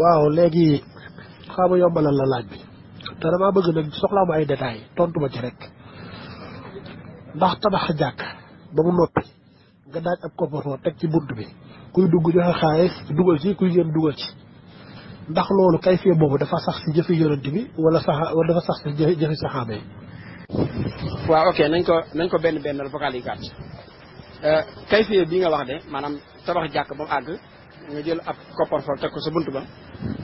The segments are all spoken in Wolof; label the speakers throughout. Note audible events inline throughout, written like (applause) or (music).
Speaker 1: waaw léegi xaama yombalal la laaj bi te dama bëgg nag soxlaa ma ay détail tontu ma ci rek ndax tabax jàkk ba mu noppi nga daaj ab koppatoo teg ci bunt bi kuy dugg joxe xaalis dugal ci kuy génn dugal ci ndax loolu kay fee boobu dafa sax si jëfi yonent bi wala sax wala dafa sax si jëfi saxaaba yi
Speaker 2: waaw ok nañ ko nañ ko benn benn vocal yi gàtt euh, kay fee bi nga wax de maanaam tabax jàkk ba mu àgg nga jël ab koppar fol teg ko sa bunt ba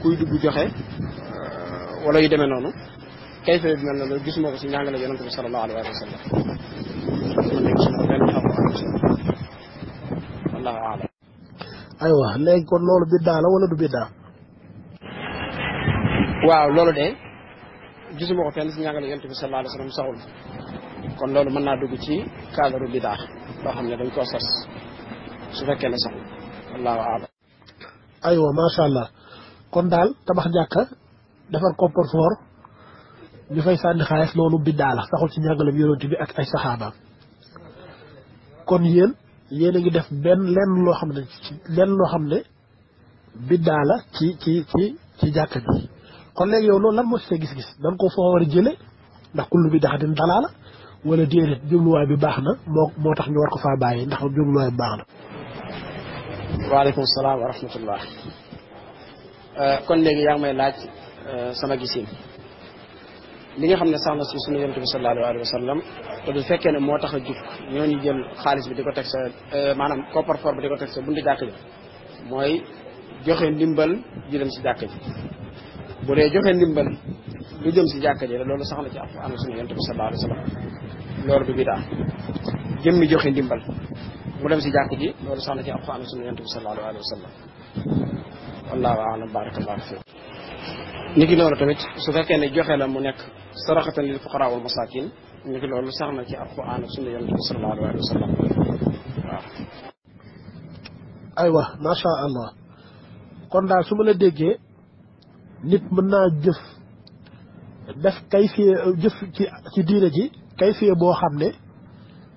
Speaker 2: kuy dugg joxe euh, wala yu deme noonu kay fee bi mel na loolu gisuma ko ci njàngale yonente bi sallallahu alayhi wa
Speaker 1: aywa léegi kon loolu biddaa la wala du biddaa
Speaker 2: waaw loolu de gisuma ko fenn si njàngale yonente bi sallallahu alayhi saxul kon loolu mën naa dugg ci kaadaru biddaa loo xam ne dañ koo sas su fekkee ne saxul wallahu alam
Speaker 1: aywa macha allah kon daal tabax jàkka defar coffre-fort ñu fay sànni xaalis loolu biddaa la saxul ci njàngalem yonent bi ak ay saxaabaam kon yéen yéen a ngi def benn lenn loo xam ne lenn biddaa la ci ci ci jàkka bi kon léegi yow loolu lan moo ci see gis-gis dañ ko foo war jële ndax kullu bi daxatin dalaa la wala déedéet jubluwaay bi baax na moo moo tax ñu war ko faa bàyyi ndax jubluwaay bi baax na
Speaker 2: waaleykum salaam wa Euh, kon léegi yaa mooy laaj euh, sama gisin li nga xam ne sax na si sunu yonent bi sallallahu alayhi wa sallam te du fekkee ne moo tax a jug ñooñu jël xaalis bi di ko teg sa euh, maanaam coffre-fort bi di ko teg sa buntu jàkk ji mooy joxe ndimbal ju dem si jàkk ji bu dee joxe ndimbal lu jëm si jàkk ji loolu sax na ci af am sunu yonent bi sallallahu alayhi wa sallam loolu du bidaa jëmmi joxe ndimbal mu dem si jàkk ji loolu sax na ci af am sunu yonent bi الله أعلم بارك الله فيك نيجي نقول تويت سو فكان جوخ لا مو نيك صراحه للفقراء والمساكين نيجي نقول سخنا في القران والسنه صلى الله عليه وسلم
Speaker 1: ايوا ما شاء الله كون دا سوما لا ديغي نيت مننا جيف داف كيفي جيف سي دينا جي كيفي بو خامني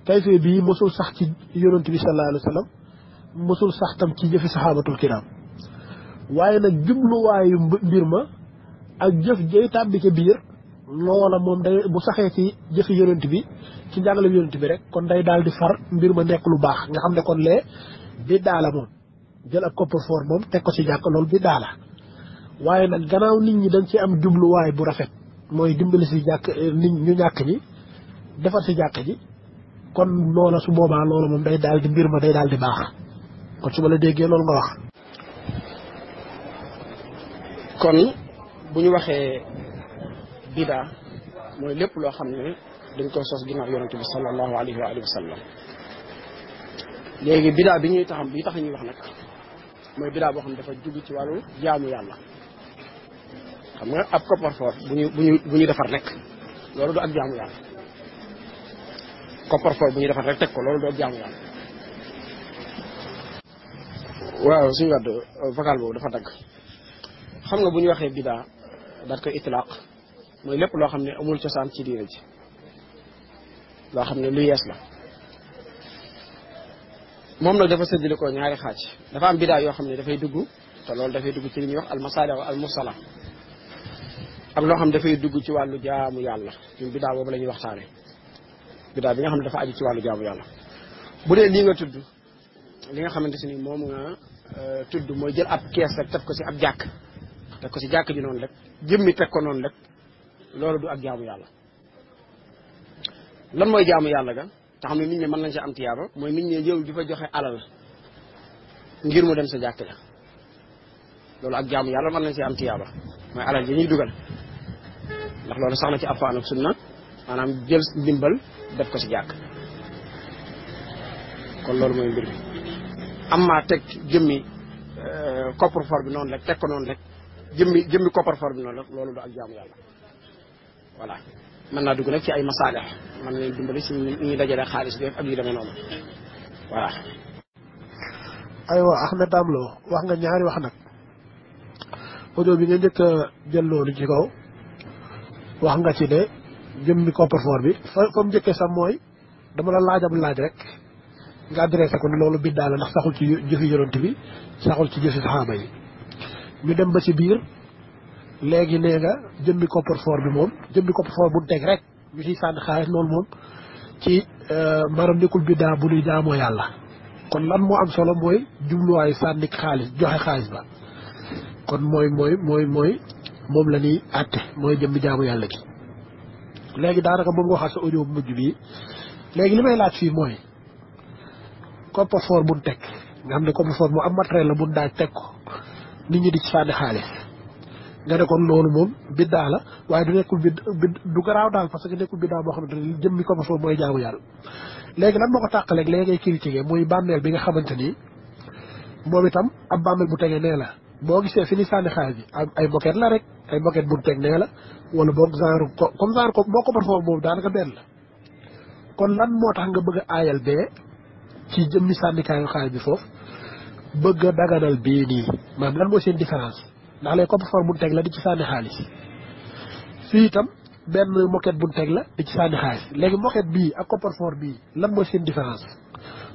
Speaker 1: كيفي بي مسول صح سي يونس صلى الله عليه وسلم مسول صح تام سي جيف صحابه الكرام waaye nag jubluwaayu mbir ma ak jëf jay tàbbi ca biir loola moom day bu saxee ci jëfi yonent bi ci njàngale yonent bi rek kon day daal di far mbir ma nekk lu baax nga xam ne kon lee bi daala moom jël ak coffre-fort moom teg ko ci jàkk loolu bi daala waaye nag gannaaw nit ñi dañ ci am jubluwaay bu rafet mooy dimbali si jàkk eh, nit ñu ñàkk ñi defar si jàkk ji kon loola su boobaa loola moom day daal di mbir ma day daal di baax kon su ma la déggee loolu nga wax kon
Speaker 2: buñu waxé bida moy lepp lo xamné dañ ko sos ginnaaw yaronte bi sallallahu alayhi wa alihi wasallam légui bida bi ñuy taxam bi tax ñuy wax nak moy bida bo xamné dafa jug ci walu jaamu yalla xam nga ab ko bu ñu buñu buñu bu defar rek lolu do ak jaamu yàlla copparfoor bu buñu defar rek tek ko lolu do ak jaamu yalla waaw suñu wàdd vocal boobu dafa dagg xam nga bu ñu waxee bidaa dañ koy itlaaq mooy lépp loo xam ne amul cosaan ci diine ji loo xam ne lu yees la moom nag dafa séddale ko ñaari xaaj dafa am bidaa yoo xam ne dafay dugg te loolu dafay dugg ci li ñuy wax almasaalih wa almusala ak loo xam ne dafay dugg ci wàllu jaamu yàlla ñun bidaa boobu la ñuy waxtaane bidaa bi nga xam ne dafa aju ci wàllu jaamu yàlla bu dee lii nga tudd li nga xamante si ni moom nga tudd mooy jël ab kees rek taf ko si ab jàkk teg ko si jàkk ji noonu rek jëmmi teg ko noonu rek loolu du ak jaamu yàlla lan mooy jaamu yàlla ga te xam ne nit mën nañ si am tiyaaba mooy nit ñi jëw ju fa joxe alal ngir mu dem sa jàkk ja loolu ak jaamu yàlla mën nañ si am tiyaaba mooy alal ji ñuy dugal ndax loolu sax na ci alxuraan ak sunna maanaam jël ndimbal def ko si jàkk kon loolu mooy mbir mi am maa teg jëmmi coffre-fort euh, bi noonu rek teg ko noonu rek jëmmi jëmmi koppar far bi noonu rek loolu du ak jaamu yàlla voilà mën naa dugg nag ci ay masaala man leen dimbali si ñuy dajale xaalis bi ak yu demee noonu voilà
Speaker 1: aywa Ahmed damlo wax nga ñaari wax nag audio bi nga njëkk a jël loolu ci kaw wax nga ci ne jëmmi coffre-fort bi fa fa mu njëkkee sa mooy dama la laajam laaj rek nga adressé ko ne loolu biddaa la ndax saxul ci jëfi yonent bi saxul ci jëfi saxaaba yi ñu dem ba ci biir léegi nee nga jëmmi coffre bi moom jëmmi coffre-fort bu teg rek ñu ciy sànni xaalis loolu moom ci euh, maanaam nekkul biddaa bu ñuy jaamoo yàlla. kon lan moo am solo mooy jubluwaayu sànni xaalis joxe xaalis ba kon mooy mooy mooy mooy moom la ñuy àtte mooy jëmmi jaamu yàlla gi. léegi daanaka moom nga waxaat sa audio mujj bi léegi li may laaj fii mooy coffre-fort bu teg nga xam ne coffre-fort bu am matériel la bu daaj teg ko. nit ñi di ci sànni xaalis nga ne kon loolu moom biddaa la waaye du nekkul bid du garaaw daal parce que nekkul biddaa boo xamante ne jëm mi ko mos moom mooy jaamu yàlla. léegi lan moo ko tàqaleeg léegi ngay critiqué muy bàmmeel bi xamante ni moom itam ab bàmmeel bu tege nee la boo gisee fi ni sànni xaalis bi ay moquette la rek ay moquette bu teg nee la wala boog genre comme genre ko boo ko mën foofu moom daanaka benn la kon lan moo tax nga bëgg a aayal bee ci jëmmi sànnikaayu xaalis bi foofu. bëgg daganal bi ni maanaam lan mooy seen différence ndax lay comme for bu teg la di ci sànni xaalis fi itam benn moquette bu teg la di ci sànni xaalis léegi moquette bii ak copper fort bii lan mooy seen différence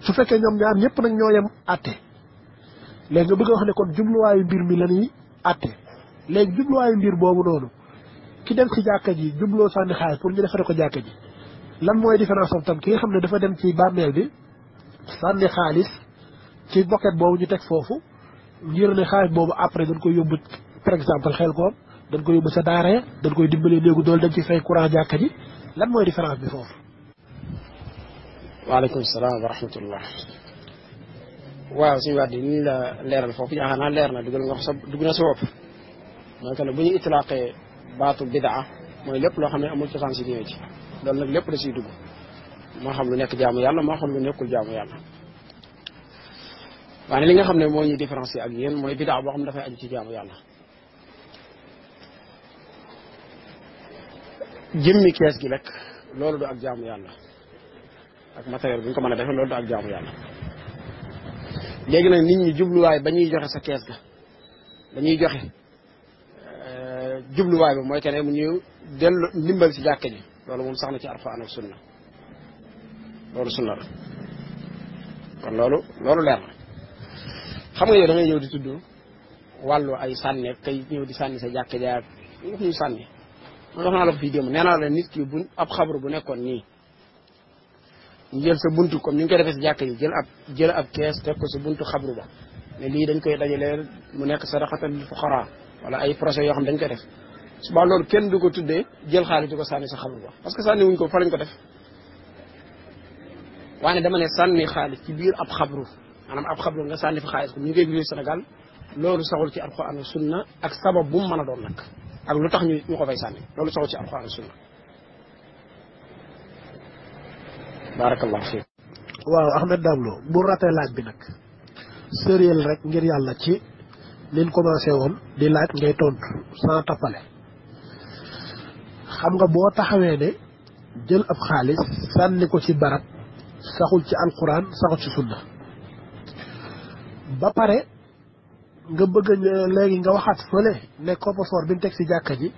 Speaker 1: su fekkee ñoom ñaar ñëpp nag ñoo yem àtte léegi nga bëgg wax ne kon jubluwaayu mbir mi la ñuy àtte léegi jubluwaayu mbir boobu noonu ki dem ci jàkka ji jubloo sànni xaalis pour ñu defaree ko jàkka ji lan mooy différence am tam ki nga xam ne dafa dem ci bàmmeel bi sànni xaalis ci boket boobu ñu teg foofu ngir ne xaalis boobu après dañ koy yóbbu par exemple xel koom dañ koy yóbbu sa daaree dañ koy dimbale néegu dool dañ ci fay courant jàkka ji lan mooy différence bi foofu.
Speaker 2: waaleykum salaam wa rahmatullah. waaw suñu waat di ni la leeral foofu yaakaar naa leer na dugal nga sa dugg na sa bopp mooy que bu ñu itlaaqee baatu bidaa mooy lépp loo xam ne amul cosaan si ñëwee ci nag lépp da siy dugg moo xam lu nekk jaamu yàlla moo xam lu nekkul jaamu yàlla. waaye li nga xam ne moo ñu différencier ak yéen mooy bidaa boo xam ne dafay aju ci jaamu yàlla jëmmi kees gi rek loolu du ak jaamu yàlla ak matériel bi ko mën a defee loolu du ak jaamu léegi nag nit ñi jubluwaay ba ñuy joxe sa kees ga dañuy joxe euh, jubluwaay bi mooy keneen mu ñu dellu ndimbal si jàkka ji loolu moom sax na ci alxuraan ak sunna loolu sunna la kon loolu loolu leer na xam nga yow da ñëw di tudd wàllu ay sànne kay ñëw di sànni sa jàkk jaak wax ñu sànni man wax naa la ko fii démb nee naa la nit ki bu ab xabaru bu nekkoon nii ñu jël sa buntu comme ni ñu koy defee si jàkk ji jël ab jël ab kees teg ko sa buntu xabru ba ne lii dañ koy dajaleel mu nekk sadaxatan lil fuqara wala ay projet yoo xam dañ koy def suba loolu kenn du ko tuddee jël xaalis di ko sànni sa xabru ba parce que sànni wuñ ko fa ko def waane dama ne sànni xaalis ci biir ab xabru maanaam ab xabru nga sànni fa xaalis ko ñu ngi koy Sénégal loolu saxul ci alxuraan sunna ak sabab bu mu mën a doon nag ak lu tax ñu ñu ko fay sànni loolu ci alxuraan sunna baarakallahu fiik
Speaker 1: laaj bi nag sériel rek ngir ci liñ commencé woon di laaj ngay tontu sans xam nga boo taxawee ne jël ab xaalis sànni ko ci barab saxul ci alxuraan saxul ci sunna ba pare nga bëgg léegi nga waxaat fële ne coffre bi ñu teg ci jàkka ji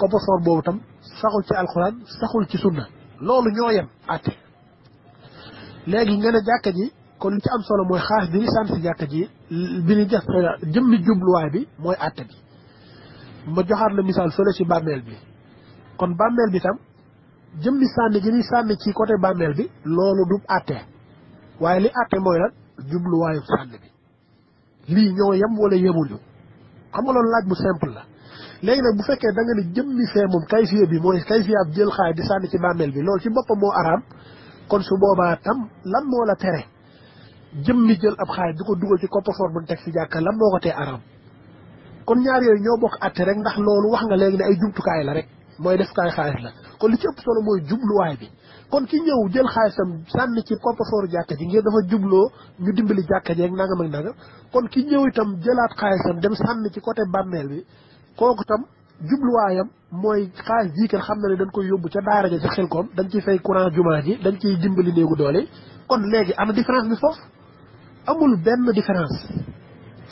Speaker 1: coffre boobu tam saxul ci alxuraan saxul ci sunna loolu ñoo yem àtte léegi nga ne jàkka ji kon li ci am solo mooy xaas bi ñu sant si jàkka ji bi ñu def jëmmi jubluwaay bi mooy àtte bi ma joxaat la misaal fële si bàmmeel bi kon bàmmeel bi tam jëmmi sànni gi sànni ci côté bàmmeel bi loolu du àtte waaye li àtte mooy lan jubluwaayu sànni bi lii ñoo yem wala yemuñu xam nga loolu laaj bu simple la léegi nag bu fekkee da nga ne jëmmi fee moom kayfiya bi mooy kayfiya ab jël xaay di sànni ci bàmmeel bi loolu ci boppam moo araam kon su boobaa tam lan moo la tere jëmmi jël ab xaay du ko dugal ci coffre-fort bu ñu ci jàkka lan moo ko tee araam kon ñaar yooyu ñoo bokk atte rek ndax loolu wax nga léegi ne ay jumtukaay la rek mooy defukaay xaalis la kon li ci ëpp solo mooy jubluwaay bi kon ki ñëw jël xaalisam sànni ci coffre-fort jàkka ji ngir dafa jubloo ñu dimbali jàkka ji ak nangam ak nangam kon ki ñëw itam jëlaat xaalisam dem sànni ci côté bàmmeel bi kooku tam jubluwaayam mooy xaalis jii kat xam na ne dañ koy yóbbu ca daara ja ca xel koom dañ ciy fay courant jumaa ji dañ ciy dimbali néegu doole kon léegi am différence bi foofu amul benn différence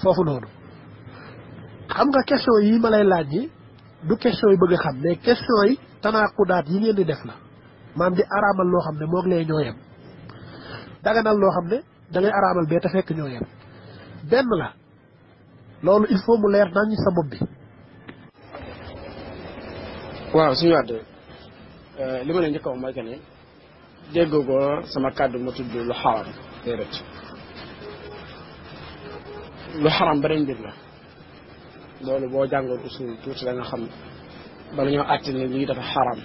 Speaker 1: foofu noonu xam nga question yi ma lay laaj yi du question yi bëgg a xam mais question yi tanaakudaat yi ngeen di def la maam di aramal loo xam ne moog lee ñoo yem daganal loo xam ne da ngay aramal bee te fekk ñoo yem benn la loolu il faut mu leer sa bopp bi
Speaker 2: waaw suñu wàdd euh, li ma njëkk wax mooy que ne sama kàddu ma tudd lu xaram déedéet lu xaram beneen mbir la loolu boo usul tuuti da nga xam bala ñoo ne lii dafa xaram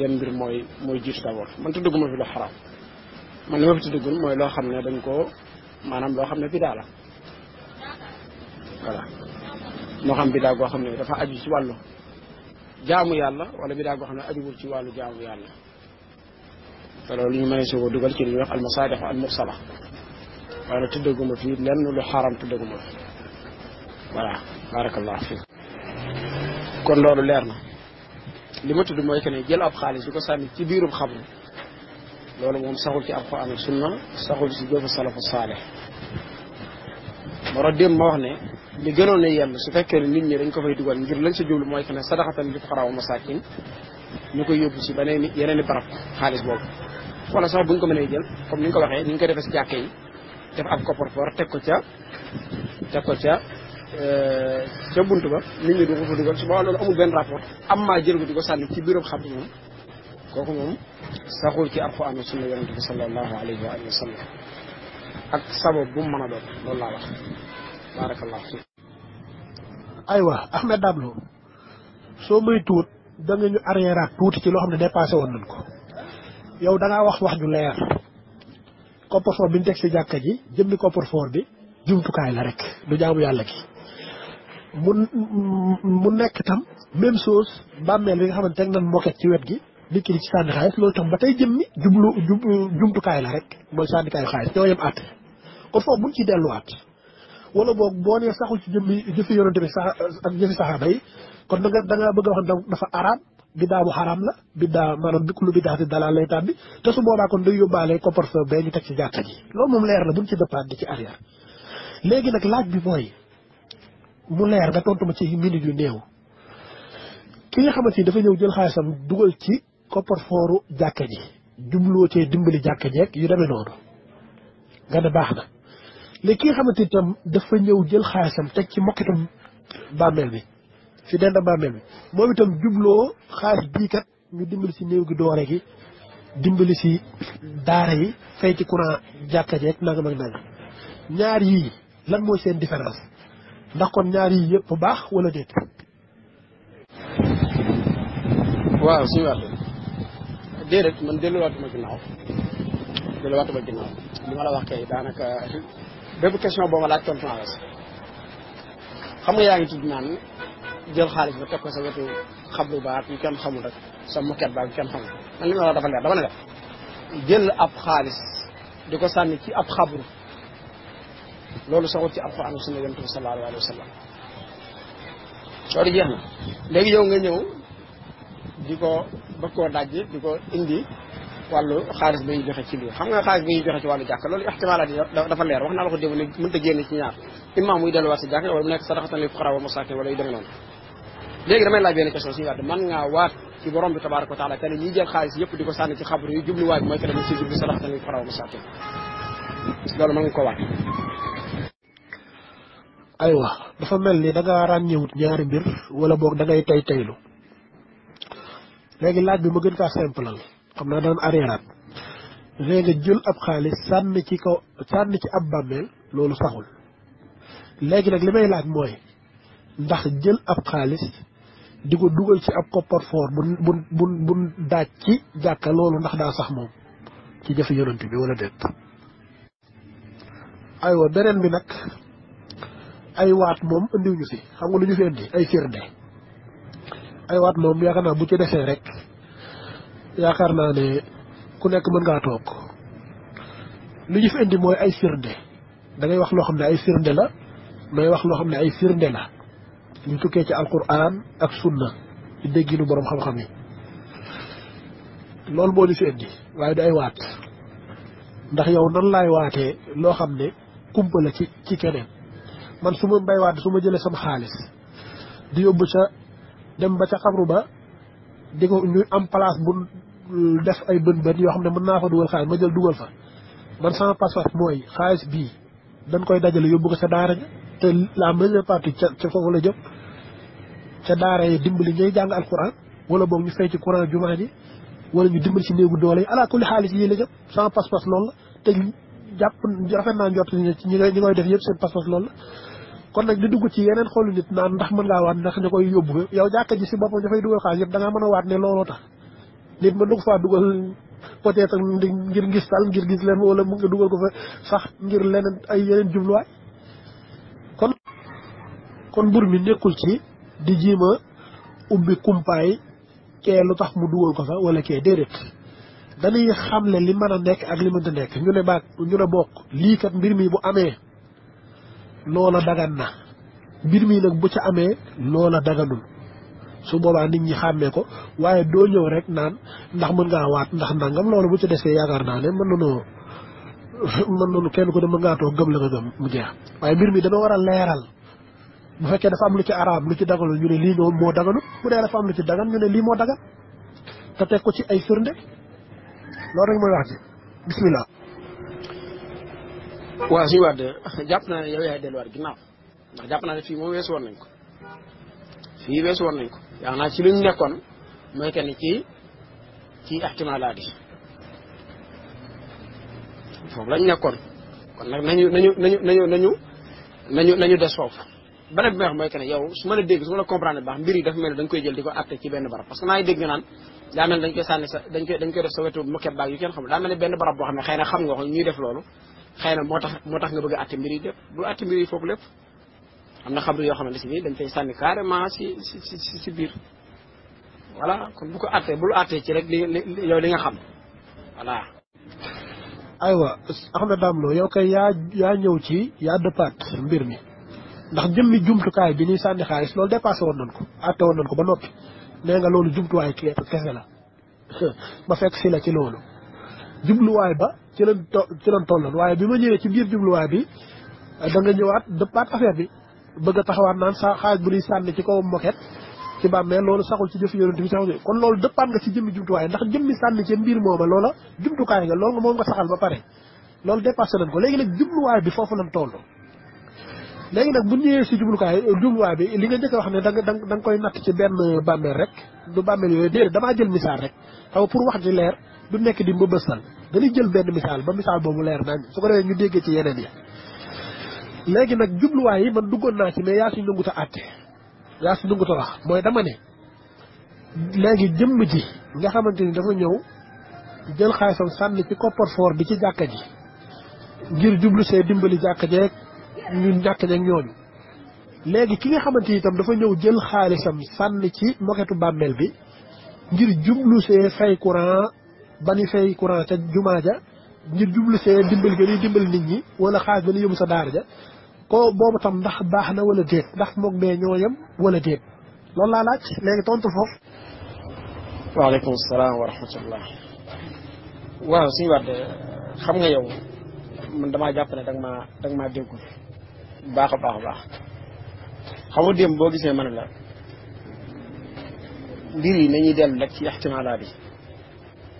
Speaker 2: yan bir moy moy jiss d'abord man tuddu tudduguma fi lo haram man li ma fi tuddu mooy loo xam ne dañ ko manam lo xamne ne bidaa la voilà moo xam bidaa goo xam ne dafa aji ci walu jaamu yàlla wala bidaa go xamne aji wu ci walu jaamu yàlla te loolu ñu mënee soo dugal ci li wax al masadiq al mursalah wala tuddu tuddaguma fi lenn lu haram tuddu fi wala barakallahu fiik kon lolu leer na li ma tudd mooy que ne jël ab xaalis di ko sànni ci biirum xabru loolu moom saxul ci alquran ak sunna saxul ci jëfu salafu saalih moro démb ma wax ne li gënoon na yell su fekkee ne nit ñi dañ ko fay dugal ngir lañ sa jublu mooy que ne sadaxatan li fuqaraa wa masaakin ñu koy yóbbu si beneen yeneen i barab xaalis boobu wala sax buñ ko mënee jël comme ni nga ko waxee ni nga ko defee si jàkke yi def ab koppar teg ko ca teg ko ca ca bunt ba nit ñi du ko fa dugal su loolu amul benn rapport am maa jël ko di ko sànni ci biiram xam moom kooku moom saxul ci alxuraan am su yonente bi sallallahu alayhi wa sallam
Speaker 1: ak mën a doon loolu laa wax soo may tuut da nga ñu tuuti ci loo xam ne dépassé woon nañ ko yow dangaa wax wax ju leer coffre bi ñu teg si jàkka ji jëmmi coffre-fort bi jumtukaay la rek du jaamu yàlla gi mu nekk tam même chose bàmmeel bi nga xamante ne nan moket ci wet gi nit ki di ci sànni xaalis loolu tam ba tey jëm mi jublu jub jumtukaay la rek mooy sànnikaayu xaalis ñoo yem àtt kon foofu buñ ci delluwaat wala boog boo nee saxu ci jëmmi jëfi yonante bi sax ak jëfi saxaaba yi kon da nga da nga bëgg a wax dafa araam bidaa bu xaraam la bidaa maanaam bi kullu bidaa si dalaal lay tàbbi te su boobaa kon day yóbbaale koppar bee ñu teg ci jàkka ji loolu moom leer la buñ ci dëppaat di ci arrière léegi nag laaj bi mooy mu leer nga tontu ma ci minute yu néew. ki nga xamante ni dafa ñëw jël xaalisam dugal ci coffre-fortu jàkka ji jumloo cee dimbali jàkka jekk yu demee noonu nga ne baax na léegi ki nga xamante ni tam dafa ñëw jël xaalisam teg ci mokkitam bàmmeel bi fi denda bàmmeel bi moom itam jubloo xaalis bii kat ñu dimbali si néew gi doore gi dimbali si daara yi fay ci courant jàkka jeeg nangam ak nangam ñaar yii lan mooy seen différence ndax kon ñaar yi yëpp baax wala déet waaw suñu wàll
Speaker 2: déedéet man delluwaatuma ginnaaw delluwaatuma ginnaaw li ma la wax kay daanaka bépp question boo ma laaj tontu naa la si xam nga yaa ngi tudd naan jël xaalis ba teg ko sa wetu xablu baat yu kenn xamul rek sa moket baat yu kenn xamul man li ma la dafa leer dama ne la jël ab xaalis di ko sànni ci ab xabru loolu saxul ci alxuraan sunna yonent bi sallallahu alayhi wa sallam jeex na léegi yow nga ñëw di ko bëgg koo dajj di ko indi wàllu xaalis bi ñu joxe ci lii xam nga xaalis bi ñu joxe ci wàllu jàkka loolu ixtimaalaat yi dafa leer wax naa la ko démb ne mënut a génn ci ñaar imam muy delluwaat si jàkka wala mu nekk sadaxatan lil fuqaraa wa masaakin wala yu demee noonu léegi damay laaj benn question suñu wàdd man ngaa waat ci borom bi tabaaraka wa taala kenn ñiy jël xaalis yëpp di ko sànni ci xabru yi jubluwaay bi mooy kenn mu si jublu sadaxatan lil fuqaraa wa masaakin
Speaker 1: loolu mën nga ko waat aywa dafa mel ni da ngaa ràññewut ñaari mbir wala boog da tay tey léegi laaj bi ma gën kaa simplal xam naa daan areeraat léegi ab xaalis ci kaw ci ab bàmmeel loolu saxul léegi nag li may laaj mooy ndax jël ab xaalis di ko dugal ci ab coffre-fort bu bu bu bu daaj ci jàkka loolu ndax daa sax moom ci jëfe yonent bi walla déet aywa beneen bi nag ay waat moom indiwuñu si xam nga lu ñu fi indi ay firnde ay waat moom yaakaar naa bu ci defee rek yaakaar naa ne ku nekk mën ngaa toog lu ñu fi indi mooy ay firnde dangay wax loo xam ne ay firnde la may wax loo xam ne ay firnde la ñu tukkee ci alquran ak sunna di dégginu boroom xam-xam yi loolu moo ñu fi indi waaye du ay waat ndax yow nan laay waatee loo xam ne kumpa la ci ci keneen man su ma mbay waat su ma jëlee sama xaalis di yóbbu sa dem ba ca xabru ba di ko ñu am place bu def ay bën bën yoo xam ne mën naa fa dugal xaalis ma jël dugal fa man sama passeport mooy xaalis bii dañ koy dajale yóbbu ko ca daara te la majeure partie ca foofu la jëm ca daara yi dimbali ñooy jàng alquran wala boog ñu fay ci courant jumaa ji wala ñu dimbali ci néegu doole yi ala kulli xaalis yii la jëm sama passeport loolu la te jàpp rafet naa njort ñi koy def yëpp seen passeport loolu la kon nag di dugg ci yeneen xolu nit naan ndax mën ngaa waat ndax ña koy yóbbu ko yow jàkka ji si boppam ña fay dugal xaalis yëpp da ngaa mën a waat ne looloo tax ko faa dugal peut-être ngir gis tal ngir gis leen wala mu nga dugal ko fa sax ngir leneen ay yeneen jubluwaay kon kon mbir mi nekkul ci di jiima ubbi kumpaay kee lu tax mu dugal ko fa wala kee déedéet xam xamle li mën a nekk ak li mënta nekk ñu ne baag ñu ne bokk lii kat mbir mi bu amee loola dagan na mbir mii nag bu ca amee loola daganul su boobaa nit ñi xàmmee ko waaye doo ñëw rek naan ndax mën ngaa waat ndax nangam loolu bu ci desee yaakaar naa ne mën nañoo mën nañu kenn ko ne mën ngaa toog gëm la nga gëm mu jeex. waaye mbir mi dama war a leeral bu fekkee dafa am lu ci araam lu ci daganul ñu ne lii moo daganut bu dee dafa am lu ci dagan ñu ne lii moo dagan te teg ko ci ay firnde loolu rek mooy wax ji bismillah.
Speaker 2: waaw suñu waat jàpp naa yow yaay delluwaat ginnaaw jàpp naa ne fii moom weesu woon nañ ko fii weesu woon nañ ko yaa naa ci li ñu nekkoon mooy kenn ci ci ihtimaalaat yi foofu lañ nekkoon kon nag nañu nañu nañu nañu nañu nañu nañu des foofu beneen bi may wax mooy que ne su ma la dégg su ma la comprendre baax mbir dafa mel ne dañ koy jël di ko atte ci benn barab parce que maa ngi dégg naan daa mel ne dañ koy sànni sa dañ koy def sa wetu mu keb baag yu kenn xamul daa mel ne benn barab boo xam ne xëy na xam nga ko ñuy def loolu xeyna motax motax nga bëgg a mbiri def yi lépp bu atte mbir yi foofu lépp am na xabru yoo xamante si dañ fay sànni carrément ci ci ci si biir voilà kon bu ko atté bu lu atté ci rek yow li nga xam voilà.
Speaker 1: aywa Ahmed Dame Lo yow kay ya ya ñew ci yaa dëppaat mbir mi ndax jëmmi kay bi ni sànni xaalis lool dépassé won nañ ko atté won nañ ko ba nopi né nga loolu jumtu way kese kessela (laughs) ba fekk ci la ci loolu. jubluwaay ba ci lañ to ci lañ tolloon waaye bi ma ñëwee ci biir jubluwaay bi da nga ñëwaat dëppaat affaire bi bëgg a taxawaat naan sa xaaj bu ñuy sànni ci kaw moket ci bàmmeel loolu saxul ci jëf yonent bi saxul kon loolu dëppaat nga ci jëmmi ndax jëmmi sànni ci mbir mooma loola jumtukaay nga loolu nga moom nga saxal ba pare loolu dépassé nañ ko léegi nag jubluwaay bi foofu lañ toll léegi nag bu ñëwee si jublukaay jubluwaay bi li nga njëkk wax ne danga nga da koy natt ci benn b rek du bàmmeel yooyu déedéet damaa jël misaal rek xaw pour wax ji leer du nekk di mbëbësal dañuy jël benn misaal ba misaal boobu leer nañ su ko defee ñu déggee ci yeneen yi léegi nag jubluwaay yi man duggoon naa ci mais yaa suñ nanguta àtte yaa suñ nanguta wax mooy dama ne léegi jëmm ji nga xamante ni dafa ñëw jël xaalisam sànni ci coffre bi ci jàkka ji ngir jublu see dimbali jàkka jeeg ñun jàkka jeeg léegi ki nga xamante ni dafa ñëw jël xaalisam sànni ci moketu bàmmeel bi ngir jublu see fay courant ba ñu fay courant ca jumaa ja ngir jublu see dimbal ga ñuy dimbal nit ñi wala xaalis ba ñu yóbbu sa daara ja ko boobu tam ndax baax na wala déet ndax moog bee ñoo yem wala déet loolu laa laaj léegi tontu foofu.
Speaker 2: waaleykum salaam wa rahmatullah. suñu wàdde xam nga yow man damaa jàpp ne danga maa danga maa déggul baax a baax a baax xam nga démb boo gisee man la mbir yi nañuy dellu rek ci ixtimaalaat bi.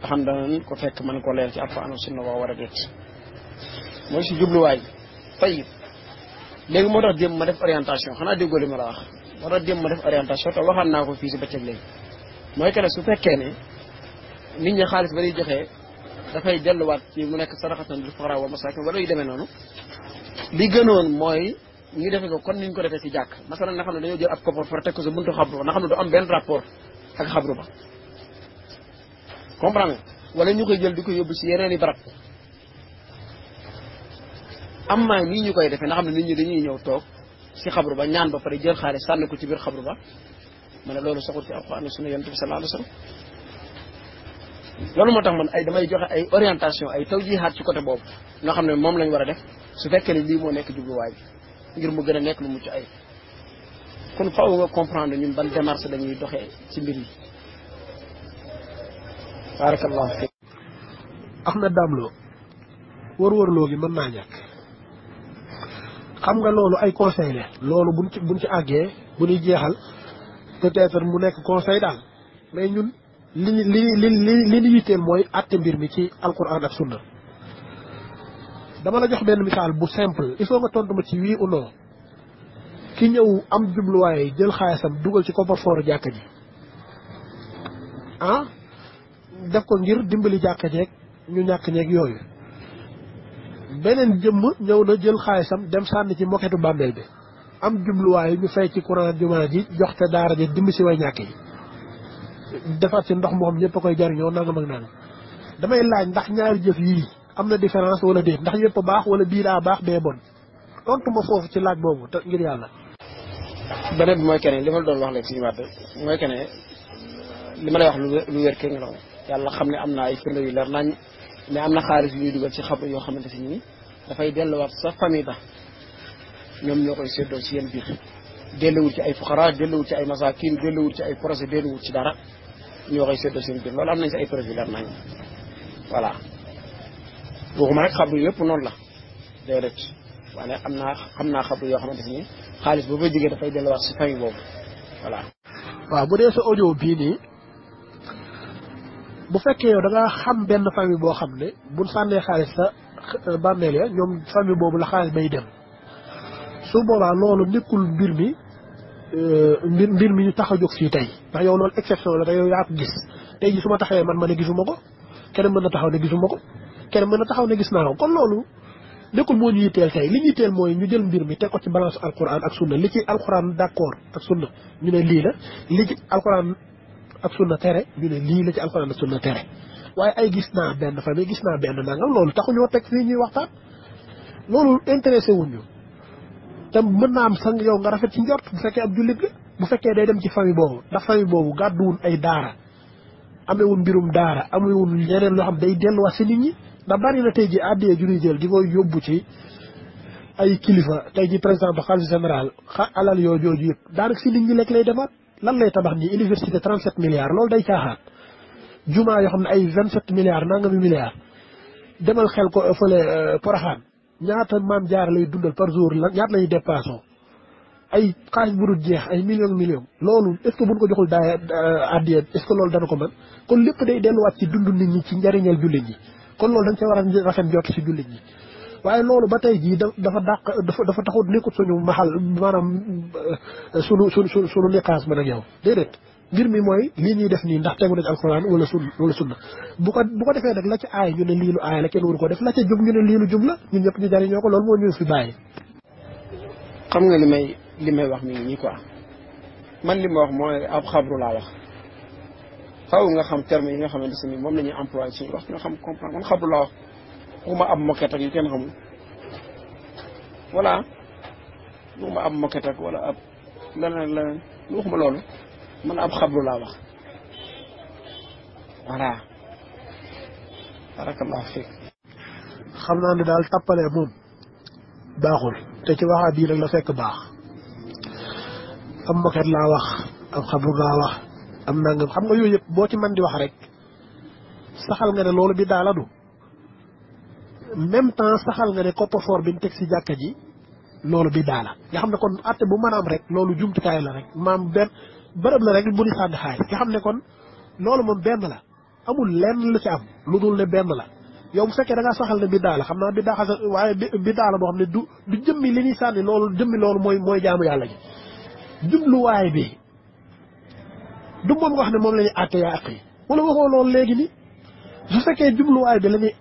Speaker 2: ba xam danañ ko fekk mën koo leer ci alxuraan sunna waa war a déet mooy si jubluwaay tayib léegi moo tax démb ma def orientation xanaa déggoo li ma la wax moo tax démb ma def orientation te waxaat naa ko fii si bëccëg léegi mooy que ne su fekkee ne nit ñi xaalis ba di joxee dafay delluwaat ci mu nekk saraxatan lil fuqaraa ma masaakin wala yu demee noonu li gënoon mooy ñu defee ko kon niñ ko defee ci jàkk masalan na xam ne dañoo jël ab koppar far teg ko sa buntu xabru ba nga xam ne du am benn rapport comprendre wala ñu jël diko yobbu ci yeneeni yeneen barab amma nii ñu koy defee nga xam nit ñi dañuy ñew tok ci xabru ba ñaan ba fa jël xaar sànni ko ci bir xabru ba mané lolu saxul ci alquran sunna yantu sallallahu alayhi wasallam lolu motax man ay damay joxe ay orientation ay tawjihat ci côté bobu nga xam mom lañ wara def su fekkee ni li mo nek jubluwaay waji ngir mu gëna nek nekk lu mucc ay kon faaw nga comprendre ñun ban démarche dañuy doxé ci mbir yi
Speaker 1: baarakallah Ahmed Dame Lo wër-wërloo gi mën naa ñàkk xam nga loolu ay conseil la loolu buñ ci buñ ci àggee bu ñuy jeexal peut mu nekk conseil daal mais ñun li li li li li ñu yitteel mooy àtte mbir mi ci alquran ak sunna dama la jox benn misaal bu simple il faut nga tontu ma ci oui ou ki ñëw am jubluwaay jël xaalisam dugal ci coffre-fort jàkka ji ah? def ko ngir dimbali jàkka jeeg ñu ñàkk ñeek yooyu beneen jëmm ñëw na jël xaalisam dem sànni ci moketu bàmbeel bi am jubluwaayu ñu fay ci courant jumaa ji jox te daara ji dimb si way ñàkk yi defaat ci ndox moom ñëpp a koy jariñoo nangam ak nangam damay laaj ndax ñaari jëf yi am na différence wala déet ndax yëpp baax wala bii daa baax bee bon tontu ma foofu ci laaj boobu te ngir yàlla.
Speaker 2: beneen bi mooy keneen li ma doon wax léegi suñu wàdd mooy keneen li ma lay wax lu yàlla xam ne am na ay firnde yu leer nañ ne am na xaalis yu ñuy dugal ci xabru yoo xamante si nii dafay delluwaat sa famille ba ñoom ñoo koy séddoo ci yéen biir delluwul ci ay fuqara delluwul ci ay masakin delluwul ci ay projet delluwul ci dara ñoo koy séddoo seen biir loolu am nañ si ay preuve yu leer nañ voilà waxuma rek xabru yëpp noonu la déedéet waaye am naa xam naa xabru yoo xamante ni xaalis boobu ba jógee dafay delluwaat si famille
Speaker 1: boobu voilà waaw dee sa audio bii bu fekke yow da nga xam benn famille boo xam ne buñ sànnee xaalis sa bàmmeel ya ñoom famille boobu la xaalis bay dem su boobaa loolu nekkul mbir mi mbir mbir mi ñu tax a jóg fii tey ndax yow loolu exception la da yow yaa ko gis tey ji su ma taxawee man ma ne gisuma ko keneen mën na taxaw ne gisuma ko keneen mën na taxaw ne gis naa ko kon loolu nekkul moo ñu yitteel tey li ñu yitteel mooy ñu jël mbir mi teg ko ci balance alquran ak sunna li ci alquran d' accord ak sunna ñu ne lii la li ci alquran ak sunna tere ñu ne lii la ci alxuraan sunna tere waaye ay gis naa benn famille gis naa benn nangam loolu ñoo teg fii ñuy waxtaan loolu intéressé wuñ ñu te mën naa am sang yow nga rafet ci njort bu fekkee ab jullit la bu fekkee day dem ci famille boobu ndax famille boobu gàdduwul ay daara amewul mbirum daara amewul ñeneen loo xam day delluwaat si nit ñi ndax bari na tey ji àddee ju ñuy jël di koy yóbbu ci ay kilifa tey ji président ba xaalis général xa alal lay demaat lan lay tabax nii université 37 milliards loolu day caaxaan jumaa yoo xam ne ay vingt 27 milliards nangami milliards demal xel ko euh, fële euh, Porokhane ñaata maam jaar lay dundal par jour la ñaata lay dépassé ay xaalis bu dul jeex ay millions million loolu est ce que ko joxul daay euh, addiya est loolu dana ko mën kon lépp day delluwaat ci dund nit ñi ci njëriñal jullit ñi kon loolu dañ ca war a rafet jot ci jullit ñi. waaye loolu ba tey jii dafa dàq dafa dafa taxut nekkut suñu maxal maanaam euh, sunu sunu sunu sunu liqaas man ak yow déedéet mbir mi mooy lii ñuy def nii ndax tegu nañ alxuraan wala sun wala sunna bu ko bu ko defee nag la ca aay ñu ne lii aay la kenn waru ko def la ca jub ñu ne lii jub la ñun ñëpp ñu jariñoo ko loolu moo ñu fi bàyyi. xam nga li may li may wax mi ngi nii quoi
Speaker 2: man li ma wax mooy ab xabru laa wax xaw nga xam terme yi nga xamante ne moom la ñuy employé suñu wax xam comprendre man xabru waxuma ma moquette ak yu kenn xamul voilà waxuma ab moquette ak wala ab leneen leneen waxuma loolu man
Speaker 1: ab xablu laa wax voilà barakallahu fiik xam naa ne daal tàppale moom baaxul te ci waxaat yi rek la fekk baax am moquette laa wax am xablu laa wax am nangam xam nga yooyu yëpp boo ci mën di wax rek saxal nga ne loolu bi daala du même temps saxal nga ne coffre-fort bi ñu teg si jàkka ji loolu bi daala nga xam ne kon atte bu mën a am rek loolu jumtukaay la rek maam benn bërëb la rek bu ñu sànni xaalis nga xam ne kon loolu moom benn la amul lenn lu ci am lu dul ne benn la yow bu fekkee da ngaa saxal ne bi daala xam naa bi daa xasa waaye bi daala boo xam ne du du jëmmi li ñuy sànni loolu jëmmi loolu mooy mooy jaamu yàlla ji jubluwaay bi du moom nga wax ne moom la ñuy àtte yaa àq yi wala waxoo léegi ni su fekkee jubluwaay bi la ñuy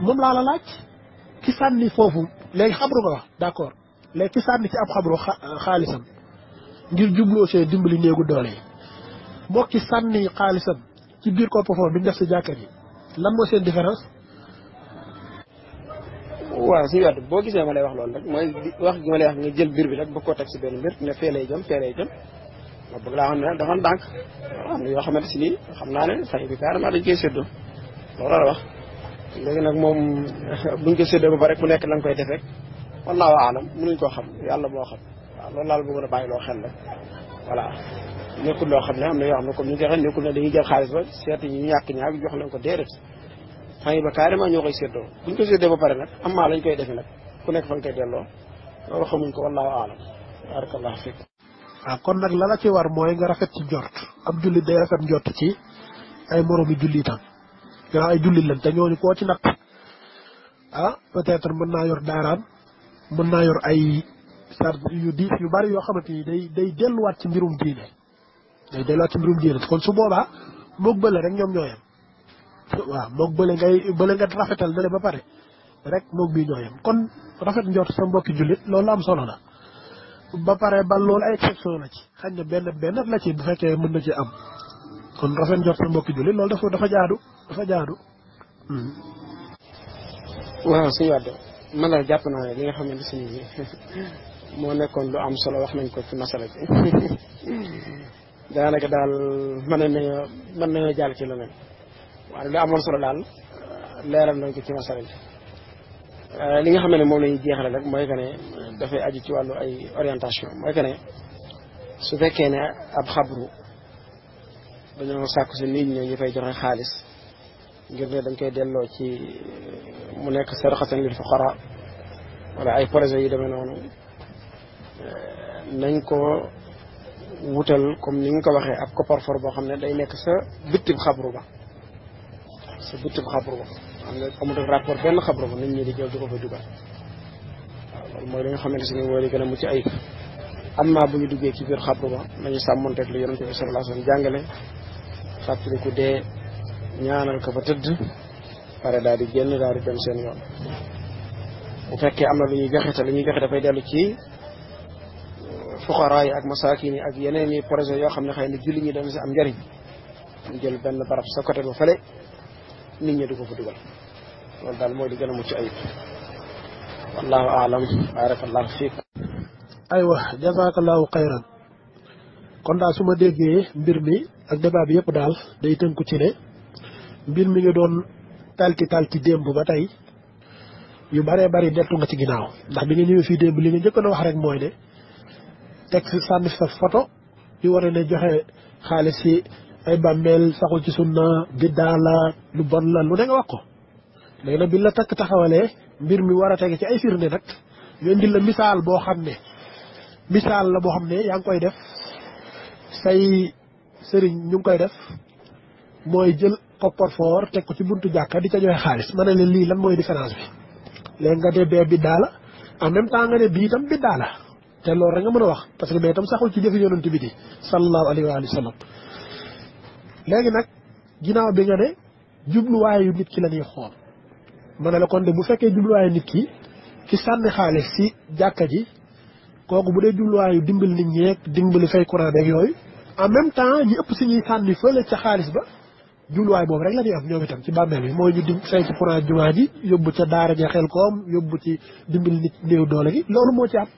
Speaker 1: moom laa la laaj ki sànni foofu léegi xabru nga wax d'accord léegi ki sànni ci ab xabru xaalisam ngir jubloo see dimbali néegu doole yi mbokk ki sànni xaalisam ci biir kopp foofu bi ñu def si jàkka ji lan moo seen différence.
Speaker 2: waaw suñu wàllu boo gisee ma lay wax loolu rek mooy wax gi ma lay wax nga jël mbir bi rek bëgg koo teg si benn mbir ne fee lay jëm fee lay jëm ma bëgg laa xam ne dafa ndànk am na yoo xamante si nii xam naa ne fay bi carrément dañ koy séddoo loolu la wax. léegi nag moom buñ ko séddee ba pare ku nekk la koy def rek wallaahu aalam mënuñ koo xam yàlla moo xam waaw loolu laal bëggoon a bàyyi loo xel la voilà nekkul loo xam ne am na yoo xam ne comme ñu ko waxee nekkul ne dañuy jël xaalis ba seeti ñu ñàkk ñaar jox leen ko déedéet xëy ba carrément ñoo koy séddoo buñ ba pare nag am maa lañ koy defe nag ku nekk fa nga koy delloo loolu xamuñ ko wallaahu aalam barakallahu fiik
Speaker 1: waaw ah, kon nag la la ci war mooy nga rafet ci njort ab jullit day rafet njort ci ay moroomi jullitam ñoo ay julli lan te ñooñu ko ci nak ah peut être mën na yor daaraan mën na yor ay charge yu diif yu bari yo xamante day day day wat ci mbirum diine day wat ci mbirum diine kon su boba moog bele rek ñom ñoyam wa waaw bele ngay bele nga rafetal na ba pare rek mok bi ñoyam kon rafet njort sa mbokk jullit loolu am solo la ba pare ba lool ay exception la ci xagn benn benn la ci bu fekkee mën na ci am kon rafet njort sa mbokki jullit loolu dafa dafa jaadu dafa jaadu. Hmm. waaw suñu wàdde
Speaker 2: man daal jàpp naa ne li nga xam ne suñu bi (laughs) moo nekkoon lu am solo wax nañ ko ci masala (laughs) daanaka daal mën nañoo mën nañoo jàll ci leneen waaye lu amoon solo daal euh, leeral nañ ci masala bi euh, li nga xam ne moom lañuy ñuy jeexale rek mooy que ne dafay aju ci wàllu ay orientation mooy que ne su fekkee ne ab xabru dañoo sàkku si nit ñi ñu fay joxe xaalis ngir ne dañ koy delloo ci mu nekk sarxatan lil fuqara wala ay projet yi demee noonu nañ ko wutal comme ni nga ko waxee ab coffre-fort boo xam ne day nekk sa bittib xabru ba sa bittib xabru ba xam nga amut ak rapport benn xabru ba nit ñi di jël di ko fa dugal waaw loolu mooy li nga xamante si ne mooy li gën a mucc ayib am naa bu ñu duggee ci biir xabru ba nañu sàmmonteeg lu yonente bi sallallahu alayhi wa sallam jàngale fàttaliku de ñaanal ko fa tëdd pare daal di génn daal di dem seen yoon bu fekkee am na lu ñuy joxe te lu ñuy joxe dafay dellu ci fuqaraa yi ak masaakin yi ak yeneen i projet yoo xam ne xëy na julli ñi dañ si am njëriñ ñu jël benn barab sa côté ba fële nit ñi du ko fa dugal loolu daal mooy di gën a mucc ayib wallahu aalam baarakallahu fiik
Speaker 1: aywa jazakallahu xayran kon daal su ma déggee mbir mi ak débat yépp daal day tënku ci ne mbir mi nga doon talti talti démb ba tey yu bëree bëri deltu nga ci ginnaaw ndax bi nga ñëwee fii démb li nga jëkk a wax rek mooy ne teg si sànni sa foto yu war ne joxe xaalis si ay bàmmeel saxul ci sunna biddaa lu bon la lu ne nga wax ko léegi nag bi la takk taxawalee mbir mi war a tege ci ay firnde nag ñu indil la misaal boo xam ne misaal la boo xam ne yaa ngi koy def say sëriñ ñu ngi koy def mooy jël coffre-fort teg ko ci buntu jàkka di ca joxe xaalis ma ne leen lii lan mooy différence bi léegi nga ne bee biddaa la en même temps nga ne bii itam biddaa la te loolu rek nga mën a wax parce que bee itam saxul ci jëfi yonent bi di sallallahu alayhi wa sallam léegi nag ginnaaw bi nga ne jubluwaayu nit ki la xool ma ne la kon de bu fekkee jubluwaayu nit ki ki sànni xaalis si jàkka ji koku bu dee jubluwaayu dimbal nit ñi yeeg dimbal fay courant beeg yoy en même temps ñi ëpp ci ñi sànni fële ci xaaliss ba jubluwaay bobu rek la di am ñoo tam ci bàmmeel yi moy ñu dim fay ci courant djuma ji yobbu ci daara ja xel koom yobbu ci dimbal nit neew doole gi loolu mo ci am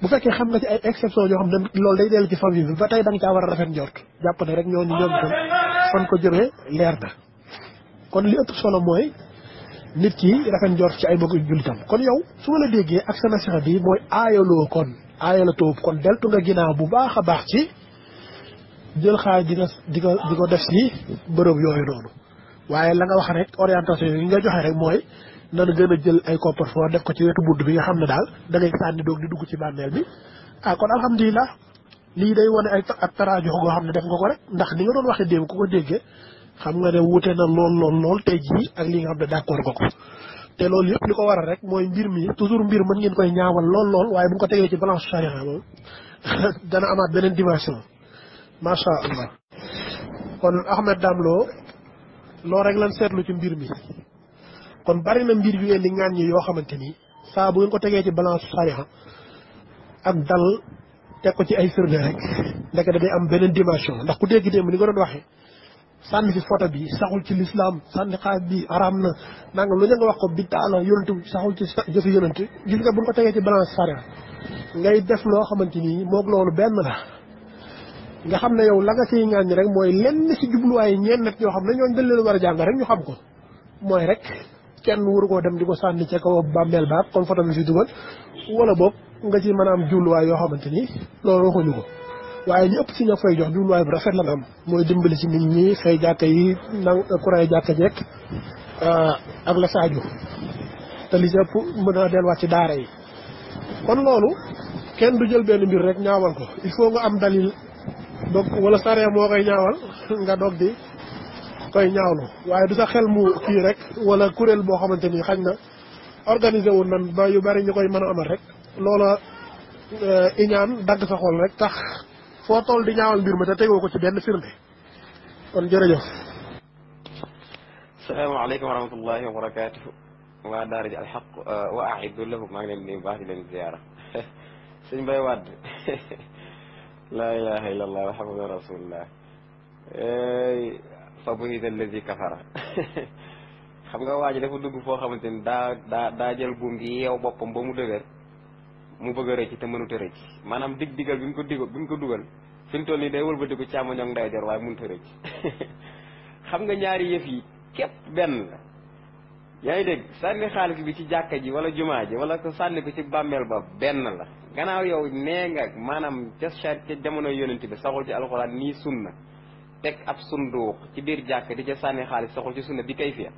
Speaker 1: bu fekkee xam nga ci ay exception yoo xam ne loolu day dellu ci famille bi ba tey da nga caa war a rafet njort jàpp ne rek ñooñu ñoom itam fan ko jëmee leer na kon li ëpp solo mooy nit ki rafet njort ci ay mbokk jullitam kon yow su ma la déggee ak sa nasiha bi mooy aayaloo kon aaya la tawub kon deltu nga ginaaw bu baax a baax ci jël xaaj di nga di nga ko def si bërëb yooyu noonu waaye la nga wax rek orientation yi nga joxe rek mooy nan gën a jël ay coffre-fort def ko ci wetu bunt bi nga xam ne daal dangay ngay sànni doog di dugg ci bàmmeel bi ah kon alhamdulilah lii day wane ay ak taraajox goo xam ne def nga ko rek ndax li nga doon waxee démb ko ko déggee xam nga ne wute na lool lool lool tey jii ak li nga xam ne d'accord nga ko te loolu yëpp li ko waral rek mooy mbir mi toujours mbir mën ngeen koy ñaawal lool lool waaye bu ko tegee ci balance sharia moom (laughs) dana amaat beneen dimension macha allah kon ahmed damlo loo rek lan seetlu ci mbir mi kon bari na mbir yu ngeen di ñi yoo xamante ni saa bu ngeen ko tegee ci balance sharia ak dal teg ko ci ay firnde rek ndeke day am beneen dimension ndax ku dégg démb ni nga doon waxee sanni fi photo bi saxul ci l'islam sanni xaar bi haram na nanga lu ne nga wax ko bidda la yonent saxul ci jëf yonent gis nga bu ko tege ci balance sharia ngay def lo xamanteni mok lolu ben la nga xamne yow la nga ci ñaan rek moy lenn si jubluwaay ñeen nag ñoo xam ne ñoo dañ leen jàng rek ñu xam ko moy rek kenn ko dem diko sanni ci kaw bi ci dugal wala bok nga ci manam a way yo xamanteni lolu waxu waye ñepp ci ñoo fay jox du loi bu rafet la am moy dimbali ci nit ñi xey jaaka yi nang jaaka jek euh ah, ak la saaju te li ci mu mën del wacc daara yi kon lolu kenn du jël ben mbir rek ñaawal ko il faut nga am dalil donc wala sare mo koy ñaawal nga dog di koy ñaawlu waye du sa xel mu ki rek wala kurel bo xamanteni ni xañ organisé wu nan ba yu bari ñukoy mëna amal rek loola eh, iñaan dag sa xol rek tax foo toll di ñaawal mbir ma te tegoo ko ci benn firnde kon jërëjëf.
Speaker 3: salaamaaleykum wa rahmatullahi wa barakaatuhu waa daara ji wa aiddu lahum maa ngi leen di nuyu baax di leen ziyaara suñ bay wàdd laa ilaha illa allah muhammadu rasulullah fa buhita alladi kafara xam nga waa ji dafa dugg foo xamante ni daa daa daa jël buum gi yeew ba mu dëgër mu bëgg a rëcc te mënut a rëcc maanaam dig digal bi mu ko digal bi mu ko dugal fi mu toll nii day wëlbatiku càmmoñ ak ndeyjoor waaye mënut a rëcc (laughs) xam nga ñaari yëf yi képp benn la yaa ngi dégg sànni xaalis bi ci jàkka ji wala jumaa ji wala ko sànni ko ci bàmmeel ba benn la gannaaw yow nee nga maanaam ca char ca jamono yonent bi saxul ci alxuraan nii sunna teg ab sunduux ci biir jàkk di ca sànni xaalis saxul ci sunna bi kay fiya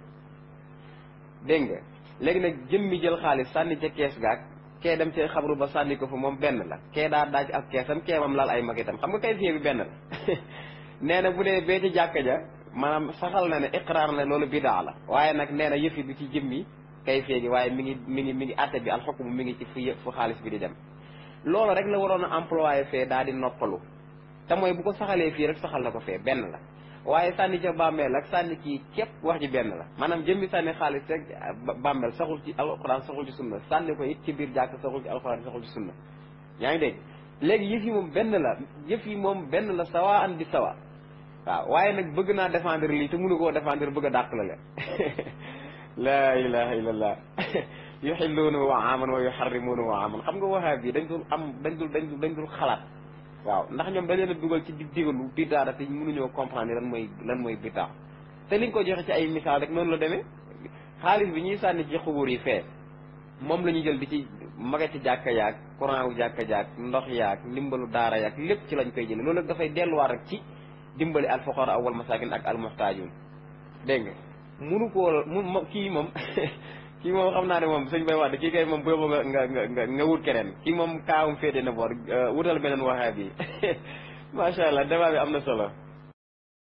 Speaker 3: dégg nga léegi nag jëmmi jël xaalis sànni ca kees gaag كي دم شيء خبر بساني كف مم بن لا كي دا داج أك كسم كي مم لال أي ما كتم خم كي فيه بن لا نحن بدي بيت جاك جا ما سهل نحن إقرار نحن لول بيدا على واي نك نحن يفي بتي جمي كي فيه واي مني مني مني أتبع الحكم مني تفي فخالص بدي دم لول رجل ورانا أمبلوا فيه دادي نقلو تمو يبكو سهل فيه رك سهل لك فيه بن لا waaye sànni ca bàmmeel ak sànni kii képp wax ji benn la maanaam jëmmi sànni xaalis rek bàmmeel saxul ci alxuraan saxul ci sunna sànni ko it ci biir jàkk saxul ci alxuraan saxul ci sunna yaa ngi dégg léegi yëf yi moom benn la yëf yi moom benn la sawaa an bi sawa waaw waaye nag bëgg naa défendre lii te mënu koo défendre bëgg a dàq la la (laughs) laa ilaha illallah (laughs) yuxilluuna wa aman wa yuxarrimuuna wa aman xam nga waxaa bii dañ dul am dañ dul dañ dul dañ dul xalaat waaw ndax ñoom da leen a dugal ci dig digalu biddaara te mënuñoo comprendre lan mooy lan mooy biddaa te li nga ko joxe ci ay misaal rek noonu la demee xaalis bi ñuy sànni ci xubur yi fee moom la ñu jël di ci maga ci jàkka yaag courant wu jàkka jaag ndox yaag ndimbalu daara yaag lépp ci lañ koy jële loolu dafay delluwaat rek ci dimbali alfoqara awal masakin ak almuhtajun dégg nga munu koo mun kii moom (laughs) kii moom xam naa ne moom sëñ bay wax de kii kay moom boobu nga nga nga nga wut keneen kii moom kaawam féete na boor euh, wutal beneen waxaa bi (laughs) macha allah débat bi am na solo.